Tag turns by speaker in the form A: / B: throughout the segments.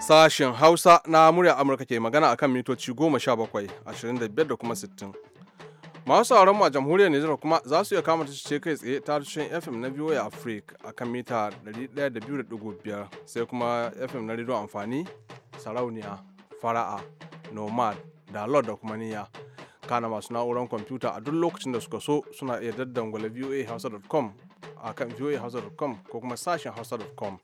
A: Sashen Hausa na murya Amurka ke magana akan mitoci 17, 25 da kuma 60. Masu sauran a jamhuriyar Nijar kuma za su iya kama ce kai tsaye ta tushen FM na VOA Africa a kan mita 102.5 sai kuma FM na rediyo amfani, sarauniya, fara'a, nomad, da da kuma niyya. kana masu na'urar kwamfuta a duk lokacin da suka so suna iya daddangwale voahausa.com a kan voahausa.com ko kuma sashen hausa.com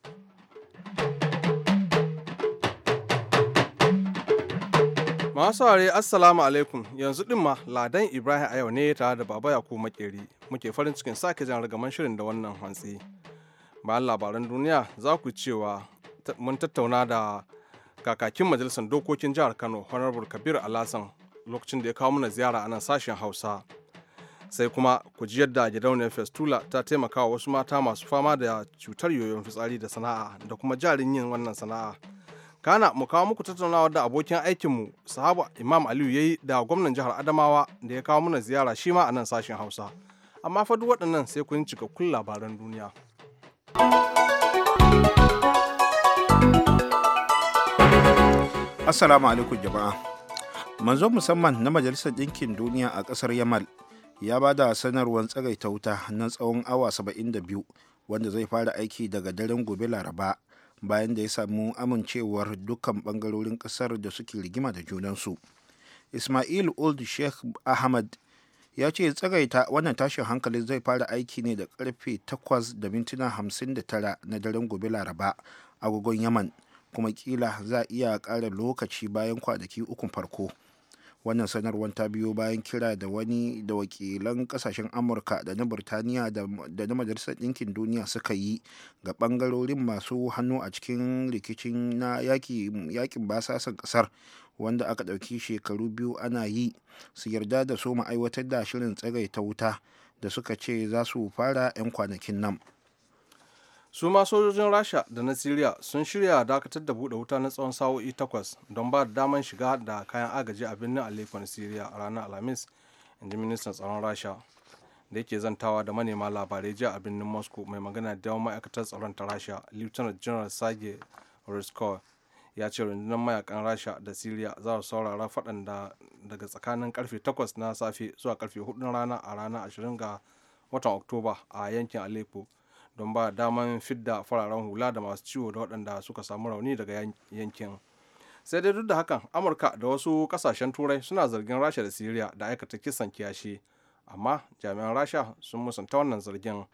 A: masu ware assalamu alaikum yanzu din ma ladan ibrahim a yau ne tare da baba yaku makeri muke farin cikin sake jan ragaman shirin da wannan hantsi bayan labaran duniya za ku cewa mun tattauna da kakakin majalisar dokokin jihar kano honorable kabir alasan lokacin da ya kawo mana ziyara a nan sashen hausa sai kuma ku ji yadda gidauniyar festula ta taimaka wasu mata masu fama da cutar yoyon fitsari da sana'a da kuma jarin yin wannan sana'a kana mu kawo muku tattaunawa da abokin aikinmu sahaba imam aliyu ya yi da gwamnan jihar adamawa da ya kawo mana ziyara shi ma a nan sashen hausa amma fa duk waɗannan sai kun cikakkun labaran duniya
B: assalamu alaikum jama'a manzo musamman na majalisar ɗinkin duniya a ƙasar yamal ya ba da sanarwar tsagaita wuta na tsawon awa 72 wanda zai fara aiki daga daren gobe laraba bayan da ya samu amincewar dukkan bangarorin ƙasar da suke rigima da junansu ismail old sheikh ahmad ya ce tsagaita wannan tashin hankali zai fara aiki ne da karfe 8:59 na daren gobe laraba agogon yaman kuma kila za a iya ƙara lokaci bayan kwanaki ukun farko wannan sanarwar ta biyo bayan kira da wani da wakilan kasashen amurka da na burtaniya da na majalisar ɗinkin duniya suka yi ga ɓangarorin masu hannu a cikin rikicin na yakin basasan ƙasar wanda aka ɗauki shekaru biyu ana yi su yarda da su ma'aiwatar da shirin tsagaita wuta da suka ce za su fara 'yan kwanakin nan.
A: su ma sojojin rasha da na siriya sun shirya dakatar da buɗe wuta na tsawon sa'o'i takwas don ba da daman shiga da kayan agaji a birnin aleppo na siriya a ranar alhamis in ji ministan tsaron rasha da yake zantawa da manema labarai jiya a birnin moscow mai magana da yawan ma'aikatar tsaron ta rasha lieutenant general sage rusko ya ce rundunar mayakan rasha da siriya za su saurara faɗan daga tsakanin karfe 8 na safe zuwa karfe 4 na rana a ranar 20 ga watan oktoba a yankin aleppo don ba daman fidda fararen hula da masu ciwo da waɗanda suka samu rauni daga yankin sai dai duk da hakan amurka da wasu kasashen turai suna zargin rasha da siriya da aikata kisan kiyashi amma jami'an rasha sun musanta wannan zargin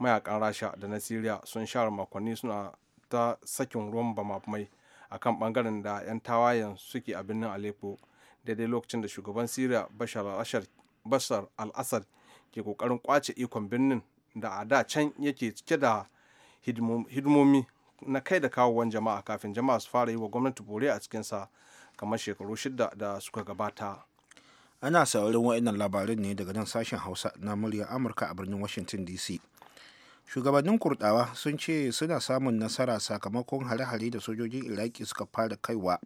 A: mayakan rasha da na siriya sun share makonni suna ta sakin ruwan bamamai a kan bangaren da 'yan tawayen suke a birnin aleppo daidai lokacin da shugaban siriya bashar al ke kokarin kwace ikon birnin da a da can yake cike da hidimomi na kai da kawowan jama'a kafin jama'a su fara yi wa gwamnati bore a cikinsa kamar shekaru shida da suka gabata
B: ana saurin wa'annan labarin ne daga nan sashen hausa na murya amurka a birnin washington dc shugabannin kurdawa sun ce suna samun nasara sakamakon hare-hare da sojojin iraki suka fara kaiwa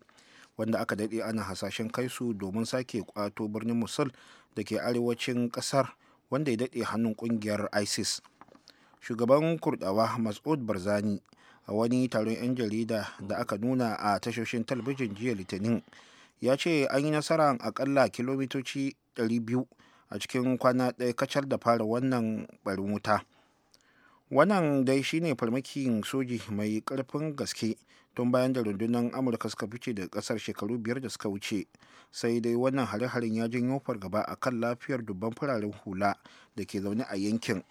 B: wanda aka daɗe ana hasashen kai su domin sake kwato birnin musul da ke arewacin ƙasar wanda ya daɗe hannun ƙungiyar isis shugaban kurdawa mas'ud barzani a wani taron 'yan jarida da aka nuna a tashoshin talabijin jiya litinin ya ce an yi nasara akalla kilomitoci 200 a cikin kwana ɗaya kacal da fara wannan barin wuta wannan dai shine farmakin soji mai ƙarfin gaske tun bayan da rundunar amurka suka fice daga kasar shekaru biyar da suka wuce sai dai wannan hare-haren ya janyo fargaba a kan lafiyar dubban fararen hula da ke zaune a yankin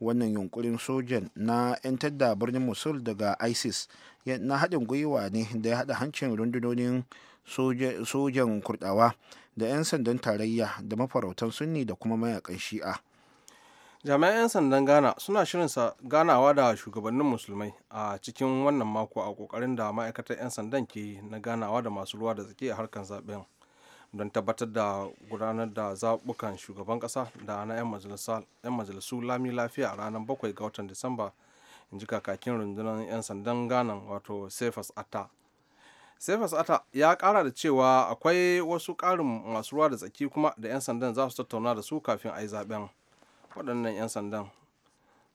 B: wannan yunkurin sojan na 'yantar da birnin musul daga isis na haɗin gwiwa ne da ya haɗa hancin rundunonin sojan kurdawa da 'yan sandan tarayya da mafarautan sunni da kuma mayakan shi'a
A: jami'an 'yan sandan ghana suna shirin ganawa da shugabannin musulmai a cikin wannan mako a kokarin da ma'aikatar 'yan sandan ke na ganawa da masu ruwa da tsaki a harkar zaben don tabbatar da gudanar da zabukan shugaban ƙasa da na 'yan majalisu lami lafiya a ranar 7 ga watan disamba in ji kakakin rundunar 'yan sandan ghana wato sefas ata sefas ata ya kara da cewa akwai wasu karin masu ruwa da tsaki kuma da 'yan sandan za su tattauna da su kafin a yi zaben waɗannan 'yan sandan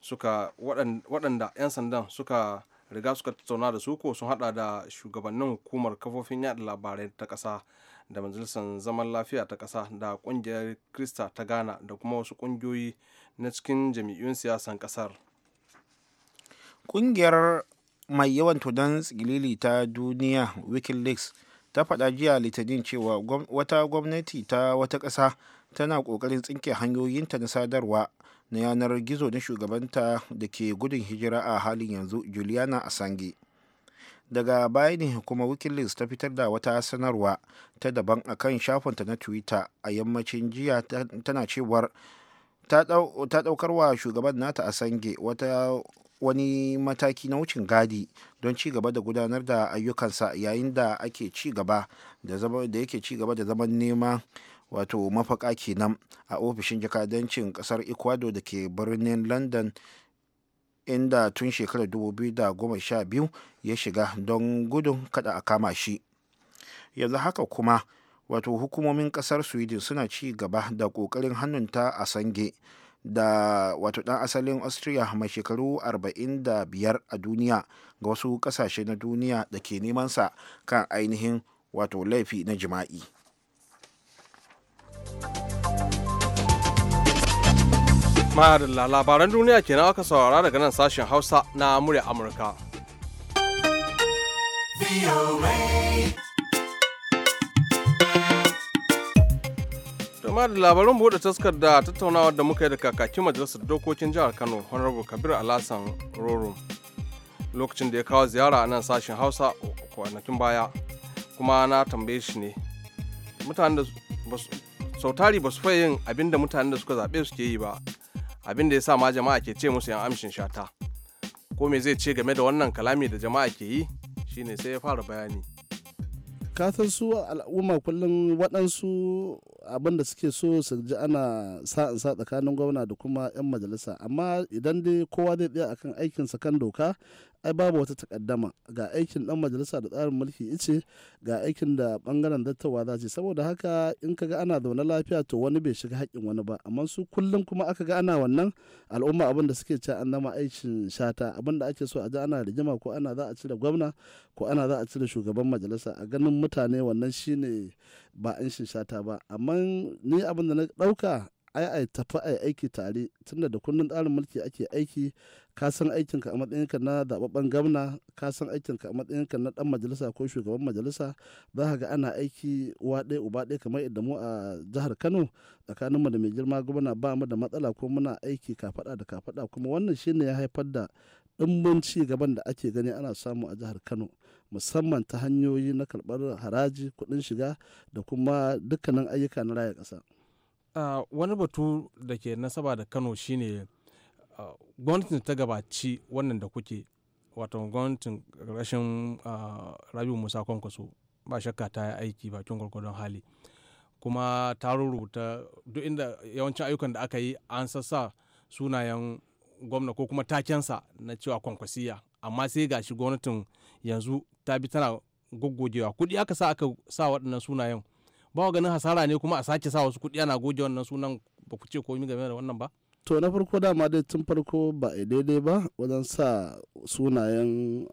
A: suka waɗanda 'yan sandan suka riga suka tattauna da su ko sun hada da shugabannin hukumar kafofin yada labarai ta ƙasa da majalisar zaman lafiya ta ƙasa da ƙungiyar krista ta ghana da kuma wasu ƙungiyoyi na cikin jami'un siyasan ƙasar
B: ƙungiyar mai yawan tudan tsilili ta duniya wikileaks ta faɗa jiya litinin cewa wata gwamnati ta wata ƙasa tana ƙoƙarin tsinke hanyoyinta na sadarwa na yanar gizo na shugabanta da ke gudun hijira a halin yanzu juliana asange daga baya ne hukumar wikileaks ta fitar da wata sanarwa ta daban a kan shafinta na twitter a yammacin jiya tana cewar ta daukar wa shugaban nata a sange wani mataki na wucin gadi don ci gaba da gudanar da ayyukansa yayin da ake ci gaba da yake ci gaba da zaman nema wato mafaka kenan a ofishin jakadancin kasar ecuador da ke birnin london inda tun shekarar 2012 ya shiga don gudun kada a kama shi yanzu haka kuma wato hukumomin kasar sweden suna ci gaba da kokarin hannunta a sange da wato dan asalin austria mai shekaru 45 a duniya ga wasu kasashe na duniya da ke neman sa kan ainihin wato laifi na jima'i
A: Madalla labaran duniya kenan aka saurara daga nan sashen Hausa na murya Amurka. Dama da labarin buɗe taskar da tattaunawar da muka yi da kakakin majalisar dokokin jihar Kano, Honorable Kabir Alasan Roro. Lokacin da ya kawo ziyara a nan sashen Hausa kwanakin baya, kuma na tambaye shi ne. Mutanen da sau tari ba su fa yin abin da mutanen da suka zaɓe suke yi ba abin da ya sa ma jama'a ke ce musu yan amshin shata ko me zai ce game da wannan kalami da jama'a ke yi shine sai ya fara bayani
C: ka san su al'umma kullum waɗansu abin da suke so su ji ana sa'in sa tsakanin gwamna da kuma 'yan majalisa amma idan dai kowa zai tsaya akan aikinsa kan doka ai babu wata takaddama ga aikin dan majalisa da tsarin mulki ice ga aikin da bangaren dattawa za ce saboda haka in kaga ana zaune lafiya to wani bai shiga haƙƙin wani ba amma su kullum kuma aka ga ana wannan al'umma abin da suke ce an nama aikin shata abin da ake so a ji ana rigima ko ana za a cire gwamna ko ana za a cire shugaban majalisa a ganin mutane wannan shine ba an shata ba amma ni abin da na ɗauka ai ai tafi ai aiki tare tunda da kundin tsarin mulki ake aiki ka san aikinka a matsayinka na zababben gamna ka san aikinka a matsayinka na dan majalisa ko shugaban majalisa za ka ga ana aiki wa ɗaya uba ɗaya kamar yadda mu a jihar Kano tsakanin mu da mai girma gwamna ba mu da matsala ko muna aiki kafaɗa da kafaɗa kuma wannan shine ya haifar da ɗimbin ci gaban da ake gani ana samu a jihar Kano musamman ta hanyoyi na karbar haraji kuɗin shiga da kuma dukkanin ayyuka na rayar ƙasa.
A: wani batu da ke nasaba da kano shine gwamnatin ta gabaci wannan da kuke wato gwamnatin rashin rabi musa kwankwaso ba shakka ta yi aiki bakin gwargwadon hali kuma ta rubuta duk inda yawancin ayyukan da aka yi an sassa sunayen gwamna ko kuma takensa na cewa kwankwasiya amma sai gashi gwamnatin yanzu ta bi tana goggogewa kuɗi aka sa aka sa waɗannan sunayen ba ganin hasara ne kuma a sake sa wasu kuɗi ana goge wannan sunan ba ku ce komai game da wannan ba
C: to na farko dama dai tun farko ba a daidai ba wajen sa sunayen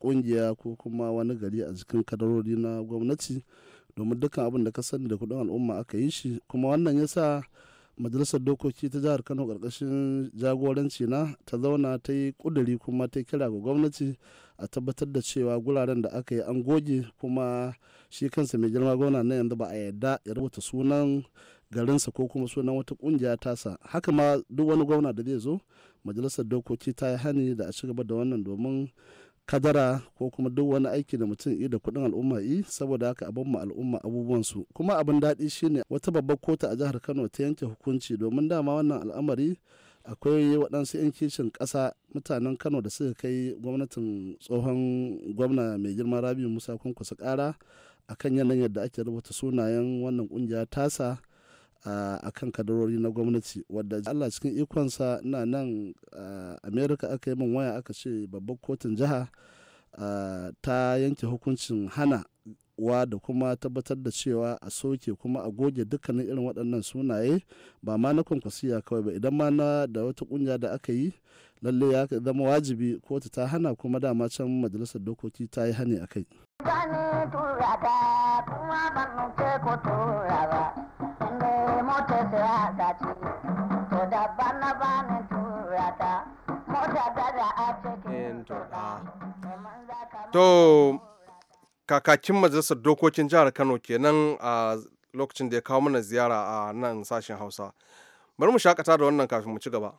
C: kungiya ko kuma wani gari a cikin kadarori na gwamnati domin dukkan abin da ka sani da kuɗin al'umma aka yi shi kuma wannan ya sa majalisar dokoki ta jihar kano karkashin jagoranci na ta zauna ta yi kuduri kuma ta kira ga gwamnati a tabbatar da cewa guraren da aka yi an goge kuma shi kansa mai girma gona na yanzu ba a yarda ya rubuta sunan garinsa ko kuma sunan wata kungiya tasa haka ma duk wani gwamna da zai zo majalisar dokoki ta yi hani da a cigaba da wannan domin kadara ko kuma duk wani aiki da mutum yi da kuɗin al'umma yi saboda haka abin ma al'umma su kuma abin daɗi shine wata babbar kotu a jihar kano ta yanke hukunci domin dama wannan al'amari akwai waɗansu 'yan kishin ƙasa mutanen kano da suka kai gwamnatin tsohon gwamna mai girma rabi musa kwankwasa ƙara kan yanayin yadda ake rubuta sunayen wannan ƙungiya tasa a kan kadarori na gwamnati wadda allah cikin ikonsa na nan america aka yi min waya aka ce babbar kotun jiha ta yanke hukuncin hana uwa da kuma tabbatar da cewa a soke kuma a goge dukkanin irin waɗannan sunaye ba ma na kwankwasiya kawai ba idan ma na da wata kunya da aka yi lalle ya zama wajibi kotu ta hana kuma dama can majalisar dokoki ta yi hani a kai.
A: To, kakakin majalisar dokokin jihar kano kenan a lokacin da ya kawo mana ziyara a nan sashen hausa bari mu shakata da wannan kafin mu ci gaba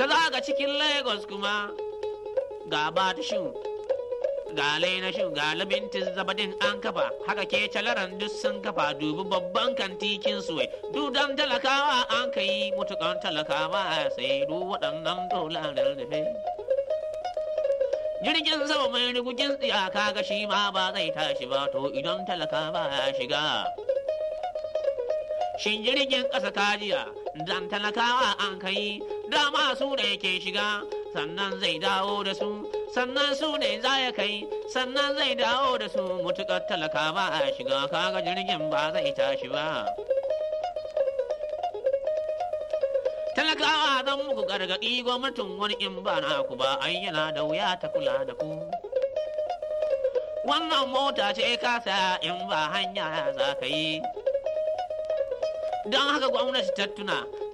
D: ka za ga cikin lagos kuma ga batishin ga lainashin ga labintin zabadin an kafa haka ke calaran duk sun kafa dubi babban kantikin suwai dudan talakawa an ka yi mutukan talakawa sai du waɗannan dolarar da jirgin sama mai rigugin tsiyaka ga shi ma ba zai tashi ba to idan talakawa ya shiga shin jirgin ƙasa kajiya dan talakawa an kai dama su ne ke shiga sannan zai dawo da su sannan su ne za ya kai sannan zai dawo da su mutukar talaka ba a shiga kaga jirgin ba zai tashi ba talakawa zan muku gargaɗi gwamnatin wani in ba na ku ba ai yana da wuya ta kula da ku wannan mota ce ka saya in ba hanya za ka yi don haka gwamnati ta tuna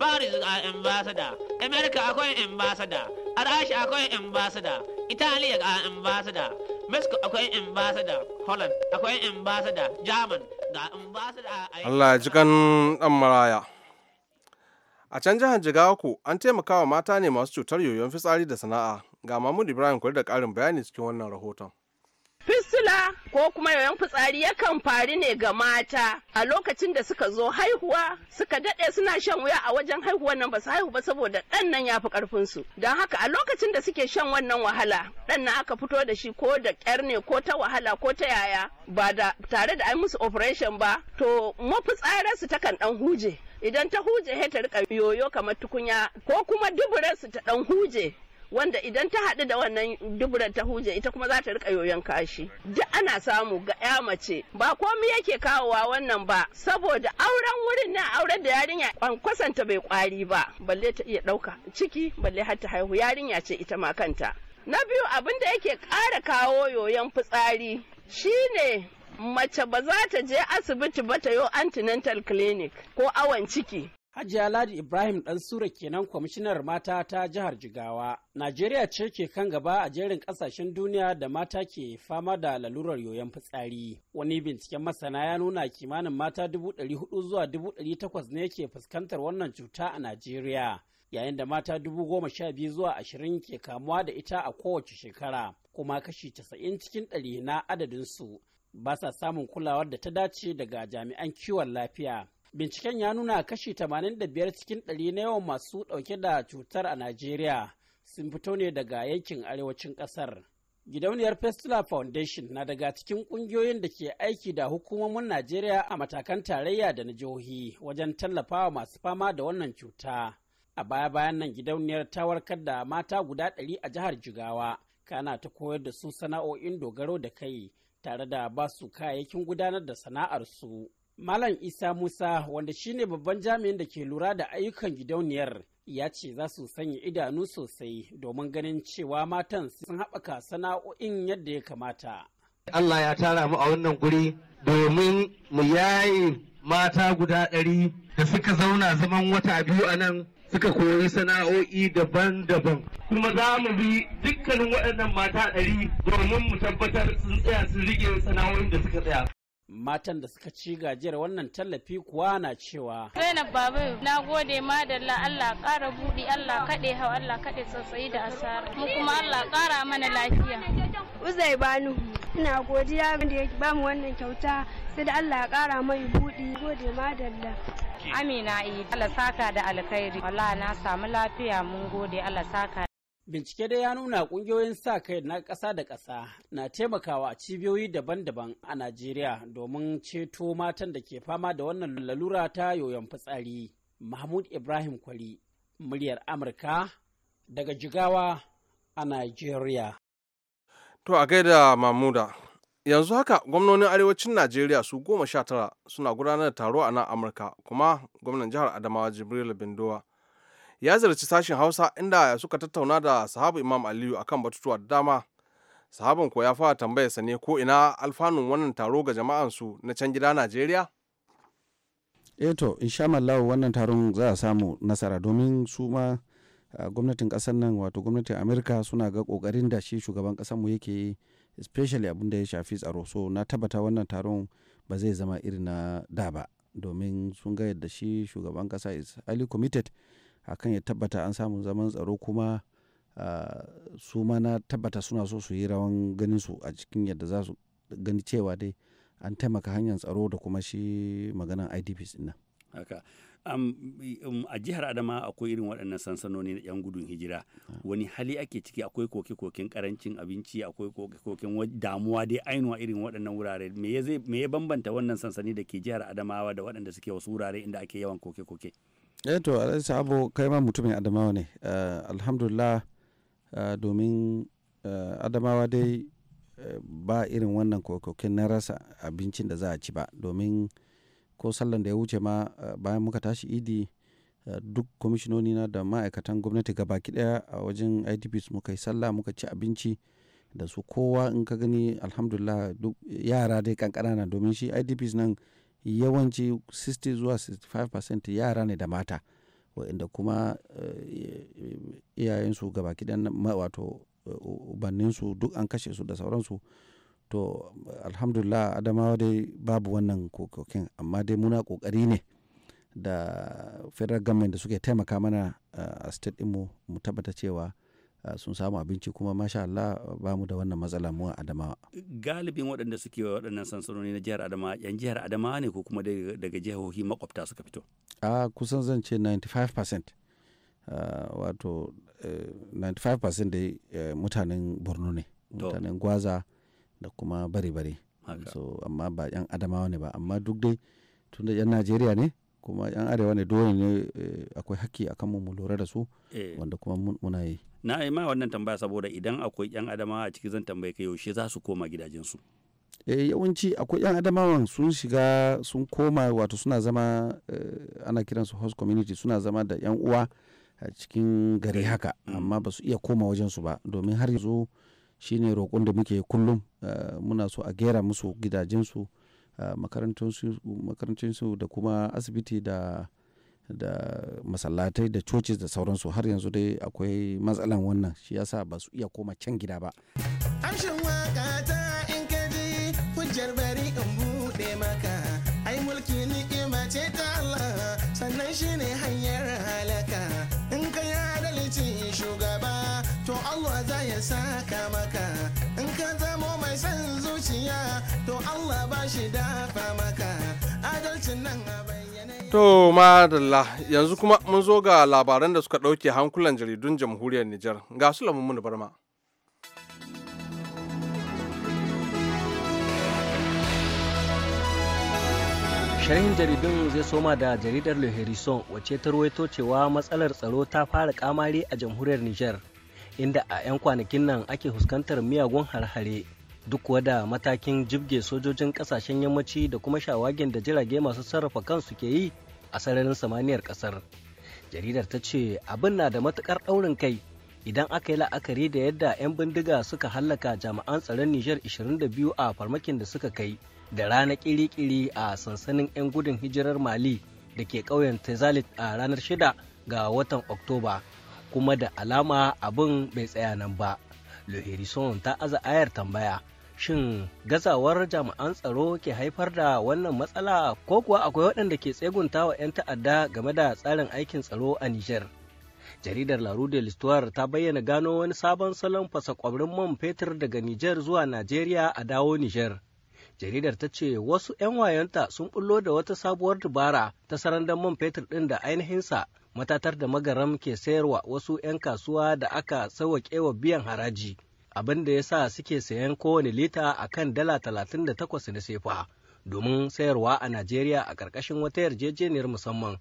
D: Paris a uh, ambasada, America akwai ambasada, Arashi akwai ambasada Italiya a uh, ambasada, Mexico akwai ambasada, Holland akwai ambasada, German ga ambasada
A: uh, a Allah ji kan dan maraya. A can jihar Jigawako an an taimakawa mata ne masu cutar yoyon fitsari da sana'a. Ga Mahmud Ibrahim kuri da ƙarin bayani cikin wannan rahoton.
E: Fistula ko kuma yoyon fitsari yakan faru ne ga mata a lokacin da suka zo haihuwa suka daɗe suna shan wuya a wajen haihuwan nan ba su haihu ba saboda ɗan nan ya fi ƙarfinsu. Don haka a lokacin da suke shan wannan wahala ɗan nan aka fito da shi ko da kyar ne ko ta wahala ko ta yaya ba da tare da an musu operation ba to mafitsararsu takan ɗan huje. Idan ta huje ta rika yoyo kamar tukunya ko kuma duburarsu ta ɗan huje wanda idan ta haɗu da wannan duburan ta huje ita kuma za ta rika yoyon kashi duk ana samu ga ya mace ba komai yake kawowa wannan ba saboda auren wurin na auren da yarinya kwankwasanta bai kwari ba balle ta iya ɗauka ciki balle har ta haihu yarinya ce ita ma kanta na biyu abin da yake ƙara kawo yoyon fitsari shine mace ba za ta je asibiti ba ta yo antenatal clinic ko awon ciki Hajiya Ladi Ibrahim ɗan Sura
F: kenan kwamishinar mata ta jihar Jigawa. Najeriya ce ke kan gaba a jerin ƙasashen duniya da mata ke fama da lalurar yoyon fitsari. Wani binciken masana ya nuna kimanin mata dubu ɗari hudu zuwa dubu ɗari takwas ne ke fuskantar wannan cuta a Najeriya. Yayin da mata dubu goma sha biyu zuwa ashirin ke kamuwa da ita a kowace shekara, kuma kashi casa'in cikin ɗari na adadinsu ba sa samun kulawar da ta dace daga jami'an kiwon lafiya. Binciken ya nuna kashi 85 cikin ɗari na yawan masu ɗauke da cutar a Najeriya sun fito ne daga yankin arewacin ƙasar. Gidauniyar Festula Foundation na daga cikin ƙungiyoyin da ke aiki da hukumomin Najeriya a matakan tarayya da na jihohi wajen tallafawa masu fama da wannan cuta. A baya-bayan nan gidauniyar ta warkar da mata guda ɗari a jihar Jigawa, kana ta koyar da su sana'o'in dogaro da kai tare da ba su kayayyakin gudanar da sana'arsu. Malam Isa Musa wanda shine babban jami'in da ke lura da ayyukan gidauniyar ya ce za su sanya idanu sosai domin ganin cewa matan sun haɓaka sana'o'in yadda ya kamata.
G: Allah ya tara mu a wannan guri domin mu yayi mata guda ɗari da suka zauna zaman wata biyu a nan suka koyi sana'o'i daban-daban kuma za mu bi dukkanin waɗannan mata
F: ɗari domin
C: mu tabbatar
F: sun tsaya sun rike sana'o'in da suka tsaya. matan da suka ci gajiyar wannan tallafi kuwa na cewa
E: zainab babu na gode ma da allah ƙara buɗi allah kaɗe hau allah kaɗe tsatsayi da asara mu kuma allah ƙara mana lafiya uzai banu ina godiya da ya ba mu wannan kyauta sai da allah ya ƙara mai buɗi gode ma da amina idi allah saka da alkhairi wallahi na samu lafiya mun gode allah saka
F: Bincike dai ya nuna ƙungiyoyin sa kai na ƙasa da ƙasa na taimakawa a cibiyoyi daban-daban a Najeriya domin ceto matan da ke fama da wannan lalura ta yoyon fitsari. Mahmud Ibrahim Kwari, muryar Amurka daga Jigawa a Najeriya.
A: To a gaida Mahmuda, yanzu haka gwamnonin arewacin Najeriya su goma sha tara suna gudanar da taro a nan Amurka kuma gwamnan jihar Adamawa Jibril Bindowa ya ziyarci sashen hausa inda suka tattauna da sahabu imam aliyu akan batutuwa da dama sahabin ko ya fara tambayarsa ne ko ina alfanun wannan taro ga jama'ansu na can gida najeriya
H: eto eh insha Allah wannan taron za a samu nasara domin su ma ah, gwamnatin kasar nan wato gwamnatin amurka suna ga kokarin da shi shugaban kasar mu yake yi especially abin da ya shafi tsaro so na tabbata wannan taron ba zai zama irin na da ba domin sun ga yadda shi shugaban kasa is highly committed akan ya tabbata an samu zaman tsaro kuma su ma na tabbata suna so su yi rawan ganin su a cikin yadda za su gani cewa dai an taimaka hanyar tsaro da kuma shi maganan idps ɗin
F: um, a jihar adama akwai irin waɗannan sansanoni na 'yan gudun hijira ah. wani hali ake ciki akwai koke-koken karancin abinci akwai koke-koken damuwa dai ainihin irin waɗannan wurare me ya bambanta wannan sansani da ke jihar adamawa da waɗanda suke wasu wurare inda ake yawan koke-koke
H: eh to alhaji kai ma mutumin adamawa ne eh, alhamdulillah eh, domin eh, adamawa dai ba irin wannan kokokin na rasa abincin da za a ci ba domin ko sallan da ya wuce ma bayan muka tashi idi duk kwamishinoni na da ma'aikatan gwamnati baki daya a wajen idps muka yi sallah muka ci abinci da su kowa in ka gani alhamdulillah duk yara dai kankana na domin shi idps nan yawanci 60 zuwa 65% yara ne da mata waɗanda kuma eh, iyayensu gaba kidan wato eh, banninsu duk an kashe su da sauransu to alhamdulillah adamawa dai babu wannan kokokin amma dai muna kokari ne da federal government da suke taimaka mana eh, a state ɗinmu mu tabbata cewa Ah, sun samu abinci kuma masha Allah ba mu da wannan matsala mu Adamawa.
F: Galibin waɗanda suke wa waɗannan sansanoni na jihar Adamawa yan jihar Adamawa ne ko kuma daga jihohi makwabta suka fito?
H: A ah, kusan zan ce 95% ah, wato 95% eh, dai eh, mutanen Borno ne mutanen Gwaza da kuma bare-bare. So amma ba yan Adamawa ne ba amma duk dai da yan Najeriya ne kuma yan arewa ne dole ne eh, akwai haƙƙi akan mu lura da su wanda kuma muna
F: yi. na yi ma wannan tambaya saboda idan akwai yan adamawa a ciki zan tambaye ka yaushe za su koma gidajensu
H: e yawanci akwai yan adamawan sun shiga sun koma wato suna zama eh, ana kiransu host community suna zama da yan uwa a cikin gari haka mm. amma ba su iya koma wajensu ba domin har yanzu shine roƙon da muke kullum eh, muna so a gera musu gidajensu makarantunsu da kuma asibiti da da masallatai da coci da sauransu har yanzu dai akwai matsalan wannan shi yasa ba su iya koma can gida ba
G: amshin waƙata ta in kaji hujjar bari in buɗe maka ai mulki ni'ima ce ta Allah sannan shine hanyar halaka in ka yi adalci shugaba to Allah za ya saka maka
C: in ka zamo mai son zuciya to Allah ba shi dafa maka adalcin nan ba
A: To madalla yanzu kuma mun zo ga labaran da suka ɗauke hankulan jaridun jamhuriyar Nijar ga su lamun barma.
G: sharhin jaridun zai soma da jaridar le wace wacce ta ruwaito cewa matsalar tsaro ta fara kamari a jamhuriyar nijar inda a 'yan kwanakin nan ake fuskantar miyagun harhare. duk wada matakin jibge sojojin kasashen yammaci da kuma shawagin da jirage masu sarrafa kansu ke yi a sararin samaniyar kasar jaridar ta ce abin na da matukar daurin kai idan aka yi la'akari da yadda 'yan bindiga suka hallaka jami'an tsaron nijar 22 a farmakin da suka kai da rana kiri-kiri a sansanin 'yan gudun hijirar mali da ke ƙauyen tezalit a ranar 6 ga watan oktoba kuma da alama abin bai tsaya nan ba Harrison ta aza ayar tambaya. Shin gazawar jami'an tsaro ke haifar da wannan matsala ko kuwa akwai waɗanda ke tsegunta wa 'yan ta'adda game da tsarin aikin tsaro a Nijar? Jaridar La Rue de l'Histoire ta bayyana gano wani sabon salon fasa kwabrin man fetur daga Nijar zuwa Najeriya a dawo Nijar. jaridar ta ce wasu 'yan wayanta sun bullo da wata sabuwar dubara ta sarandan man fetur ɗin da ainihinsa matatar da magaram ke sayarwa wasu 'yan kasuwa da aka sauwaƙe wa biyan haraji abin da ya sa suke sayan kowane lita a kan dala 38 na sefa domin sayarwa a najeriya a ƙarƙashin wata yarjejeniyar musamman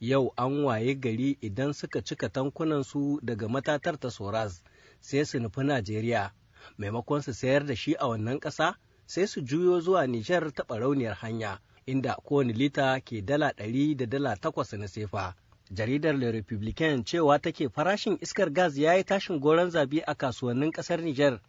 G: yau an waye gari idan suka cika tankunansu daga matatar ta soraz sai su nufi najeriya maimakon su sayar da shi a wannan ƙasa sai su juyo zuwa nijar ta ɓarauniyar hanya inda kowane lita ke dala ɗari da dala takwas na sefa jaridar le republican cewa take farashin iskar gas ya yi tashin goron zabi a kasuwannin kasar niger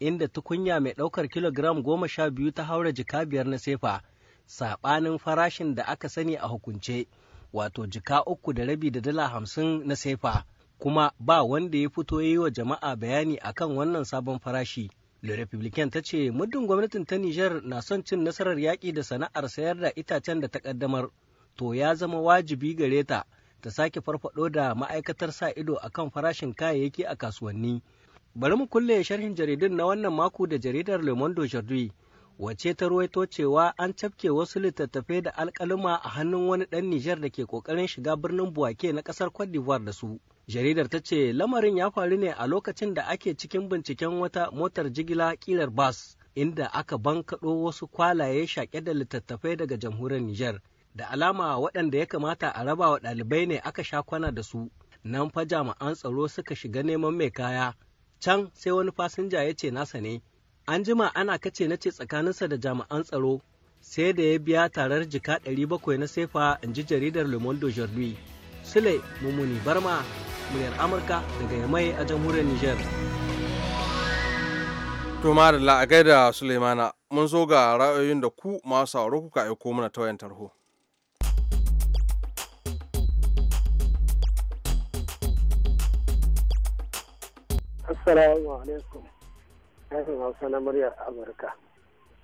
G: inda tukunya mai ɗaukar kilogram goma sha biyu ta haura jika biyar na sefa saɓanin farashin da aka sani a hukunce wato jika uku da rabi da dala hamsin na sefa kuma ba wanda ya fito yi wa jama'a bayani akan wannan sabon farashi Le Republican ta ce muddin gwamnatin ta Nijar na son cin nasarar yaƙi da sana'ar sayar da itacen da ta ƙaddamar, to ya zama wajibi gare ta ta sake farfado da ma'aikatar sa ido akan farashin kayayyaki a kasuwanni bari mu kulle sharhin jaridun na wannan mako da jaridar le monde aujourd'hui wacce ta ruwaito cewa an cafke wasu littattafai da alkaluma a hannun wani ɗan Nijar da ke ƙoƙarin shiga birnin Buwake na ƙasar Cote d'Ivoire da su. Jaridar ta ce lamarin ya faru ne a lokacin da ake cikin binciken wata motar jigila kilar bas inda aka bankaɗo wasu kwalaye shaƙe da littattafai daga jamhuriyar Nijar da alama waɗanda ya kamata a raba wa ɗalibai ne aka sha kwana da su nan fa jami'an tsaro suka shiga neman mai kaya can sai wani fasinja ya ce nasa ne an jima ana kace na ce tsakaninsa da jami'an tsaro sai da ya biya tarar jika ɗari 700 na sefa in ji jaridar le monde aujourd'hui sule mummuni barma muryar amurka daga yamai a jamhuriyar niger
A: to madalla a gaida suleimana mun zo ga ra'ayoyin da ku masu sauro kuka aiko mana ta wayan tarho
I: Assalamu alaikum. Sashen Hausa na muryar Amurka.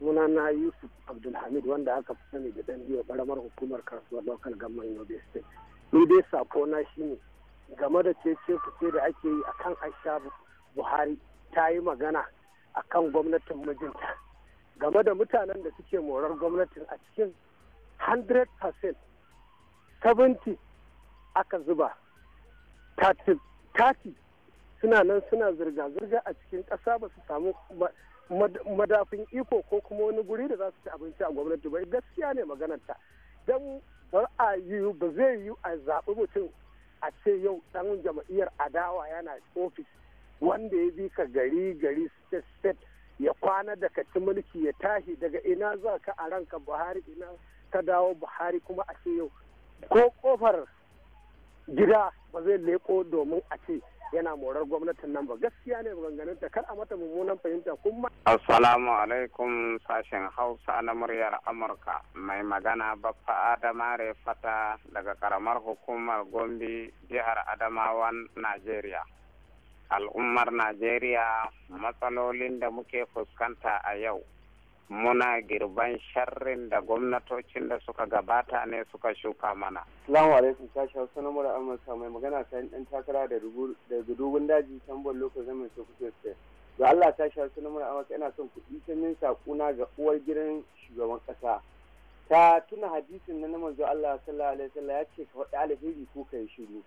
I: Suna na Yusuf Abdulhamid wanda aka fi sani da dan biyu karamar hukumar kasuwar local government Yobe State. Ni dai sako na shine game da cece da ake yi akan Aisha Buhari ta yi magana akan gwamnatin mijinta. Game da mutanen da suke morar gwamnatin a cikin 100% 70 aka zuba 30 suna nan suna zirga-zirga a cikin ƙasa ba su samu madafin iko ko kuma wani guri da za su ci abinci a gwamnati ba gaskiya ne maganarta don ba a yi ba zai yi a zaɓi mutum a ce yau ɗan jam'iyyar adawa yana ofis wanda ya bi ka gari gari state state ya kwana da ka ci mulki ya tashi daga ina za ka a ranka buhari ina ka dawo buhari kuma a ce yau ko kofar gida ba zai leko domin a ce yana morar gwamnatin nan ba gaskiya ne maganganun ta kar a mata mummunan fahimta kuma
D: assalamu
I: alaikum sashen hausa na muryar amurka mai magana
F: baffa adamare fata daga karamar hukumar gombe jihar adamawan najeriya al'ummar najeriya matsalolin da muke fuskanta a yau muna girban sharrin da gwamnatocin da suka gabata ne suka shuka mana.
I: Salamu alaikum sashi hausa na mura amurka mai magana ta ɗan takara da dugun daji tambon lokacin zaman sokoto state. Ga Allah sashi hausa na mura amurka yana son kuɗi ta min saƙuna ga uwar gidan shugaban ƙasa. Ta tuna hadisin na na manzo Allah sallallahu alaihi wasallam ya ce ka faɗi alheri ko ka yi shiru.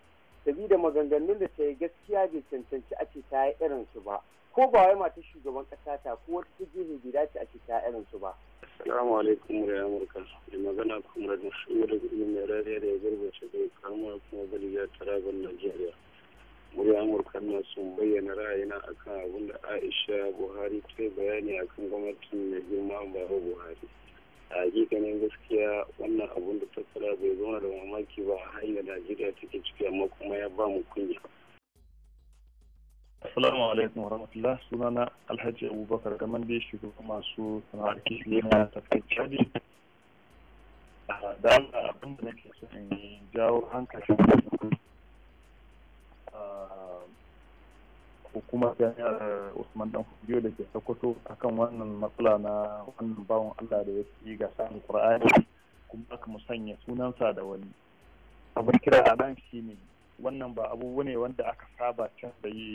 I: Sabida maganganun da ta yi gaskiya bai cancanci a ce ta yi irinsu ba. ko ba wai matar shugaban kasa ta ko wata ta gefe bai dace a cikin irin su ba.
E: Assalamu alaikum da
I: Amurka. Mai magana kuma da shi da gudun mai rariya da ya garbace da kama kuma tara ban Najeriya. Murya Amurka na sun bayyana ra'ayina akan abin da Aisha Buhari ta bayani akan gwamnatin mai girma Baba Buhari. A hakikanin gaskiya wannan abun da ta fara bai zauna da mamaki ba a hanyar Najeriya take ciki amma kuma ya ba mu kunya.
D: Assalamu alaikum warahmatullah sunana Alhaji Abubakar
I: Gaman da shugaban masu sana'ar kifi na tafiyar Chadi. Da Allah abin da nake so in jawo hankalin
D: ah, hukumar jami'ar Usman Dan Fudiyo da ke Sokoto akan wannan matsala na wannan bawan Allah da ya yi ga samun Qur'ani
I: kuma aka musanya sunansa da wani. Abin kira a nan shi ne wannan ba abubuwa ne wanda aka
E: saba can da yi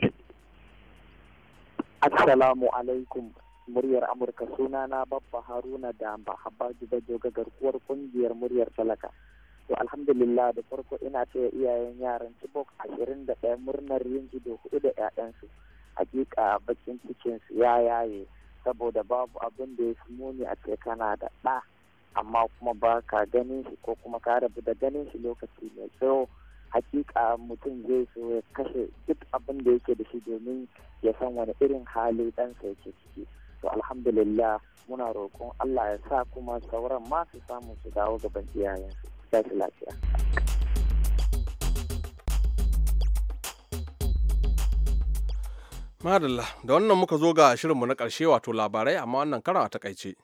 I: Assalamu alaikum muryar Amurka suna na babba Haruna da Mahabba Juba Joga garkuwar kungiyar muryar talaka. To alhamdulillah da farko ina taya iyayen yaran tibok ashirin da ɗaya murnar yin gido hudu da ‘ya'yansu. Hakika bakin cikin su ya yaye saboda babu abin da ya fi muni a ce kana da ɗa amma kuma ba ka ganin shi ko kuma ka rabu da ganin shi lokaci mai tsawo. hakika mutum zai so ya kashe duk abin da yake da shi domin ya san wani irin hali ɗansa yake ciki to alhamdulillah muna roƙon allah ya sa kuma sauran ma su samu su dawo gaban iyayensu lafiya
A: madalla da wannan muka zo ga shirinmu na ƙarshe wato labarai amma wannan karawa ta takaice.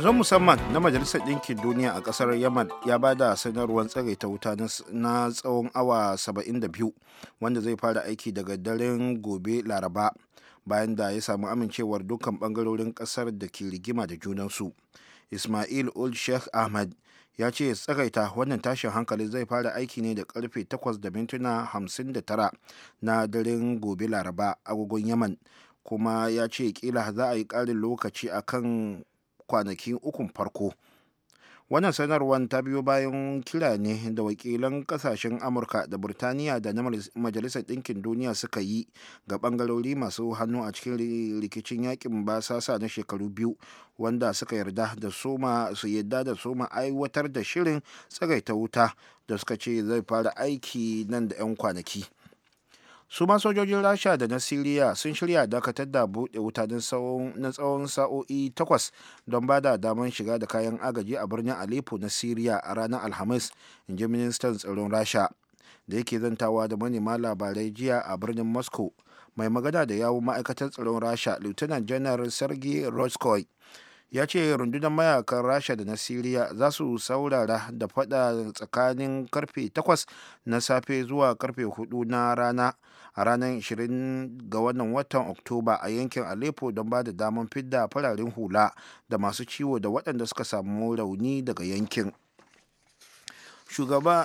B: manzon musamman na majalisar ɗinkin duniya a ƙasar yaman ya ba da sanarwar tsare ta wuta na tsawon awa 72 wanda zai fara aiki daga daren gobe laraba bayan da ya samu amincewar dukkan bangarorin ƙasar da ke rigima da junansu ismail old sheikh ahmad ya ce tsagaita wannan tashin hankali zai fara aiki ne da karfe 8:59 na daren gobe laraba agogon yaman kuma ya ce kila za a yi ƙarin lokaci a kan kwanakin ukun farko wannan sanarwar ta biyo bayan kira ne da wakilan kasashen amurka da burtaniya da na majalisar ɗinkin duniya suka yi ga bangarori masu hannu a cikin rikicin yakin basasa na shekaru biyu wanda suka yarda da soma su yarda da soma aiwatar da shirin tsagaita wuta da suka ce zai fara aiki nan da 'yan kwanaki su ma sojojin rasha da na siriya sun shirya dakatar da buɗe wuta na tsawon sa'o'i takwas don ba da damar shiga da kayan agaji a birnin aleppo na siriya a ranar alhamis in ji ministan tsaron rasha da yake zantawa da manema labarai jiya a birnin moscow mai magana da yawun ma'aikatar tsaron rasha lieutenant general sergei roskoy ya ce rundunar mayakan rasha da na siriya za su saurara da fada tsakanin karfe 8 na safe zuwa karfe 4 na rana a ranar 20 ga wannan watan oktoba a yankin aleppo don ba da damar fidda fararen hula da masu ciwo da waɗanda suka samu rauni daga yankin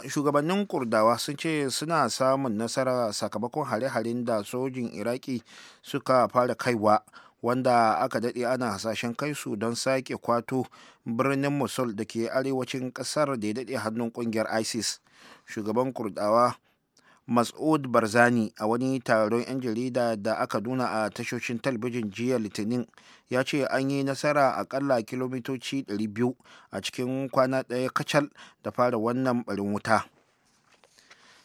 B: shugabannin kurdawa sun ce suna samun nasara sakamakon hare-haren da sojin iraki suka fara kaiwa wanda aka daɗe ana hasashen kai su don sake kwato birnin mosul da ke arewacin ƙasar da ya daɗe hannun ƙungiyar isis shugaban kurdawa mas'ud barzani a wani taron 'yan jarida da aka nuna a tashoshin talbijin jiya litinin ya ce an yi nasara akalla kilomitoci 200 a cikin kwana ɗaya kacal da fara wannan barin wuta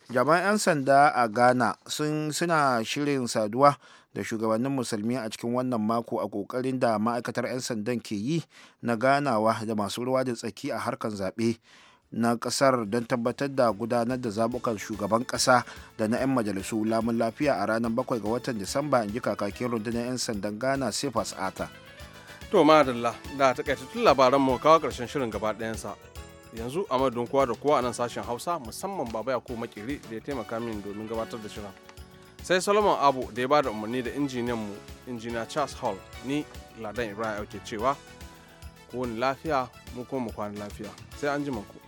B: jama'an 'yan sanda a ghana sun suna shirin saduwa da shugabannin musulmi a cikin wannan mako a kokarin da ma'aikatar 'yan sandan ke yi na ganawa da masu ruwa da tsaki a harkar zaɓe na ƙasar don tabbatar da gudanar da zabukan shugaban ƙasa da na 'yan majalisu lamun lafiya a ranar 7 ga watan disamba in ji kakakin rundunar 'yan sandan ghana sefas ata
A: to madalla da takaitattun labaran mu kawo ƙarshen shirin gaba ɗayansa yanzu a madadin kowa da kowa a nan sashen hausa musamman baba ya ko makiri da ya taimaka min domin gabatar da shirin sai solomon abu da ya ba da umarni da injiniyan mu injiniya charles hall ni ladan ibrahim ke cewa ko ni lafiya mu kuma mu kwana lafiya sai an ji ku.